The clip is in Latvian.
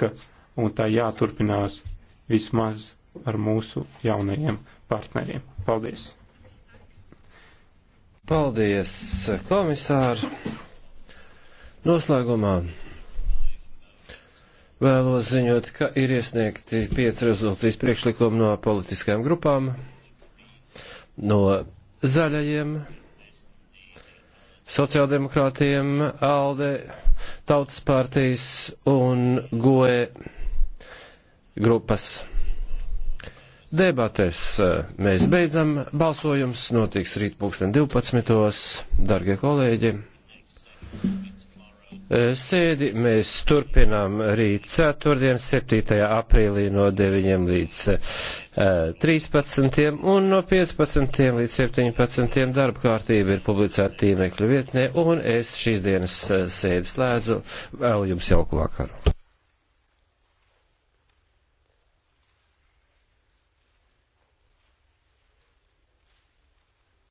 ka un tā jāturpinās vismaz ar mūsu jaunajiem partneriem. Paldies! Paldies, komisāri! Noslēgumā vēlos ziņot, ka ir iesniegti pieci rezultīs priekšlikumi no politiskajām grupām, no zaļajiem, sociāldemokrātiem, ALDE, Tautas partijas un grupas debatēs eh, mēs beidzam. Balsojums notiks rīt pulksten 12. Dargie kolēģi, eh, sēdi mēs turpinām rīt ceturtdien, 7. aprīlī no 9 līdz 13. Eh, un no 15. līdz 17. darba kārtība ir publicēta tīmekļa vietnē un es šīs dienas sēdi slēdzu. Vēl jums jauku vakaru!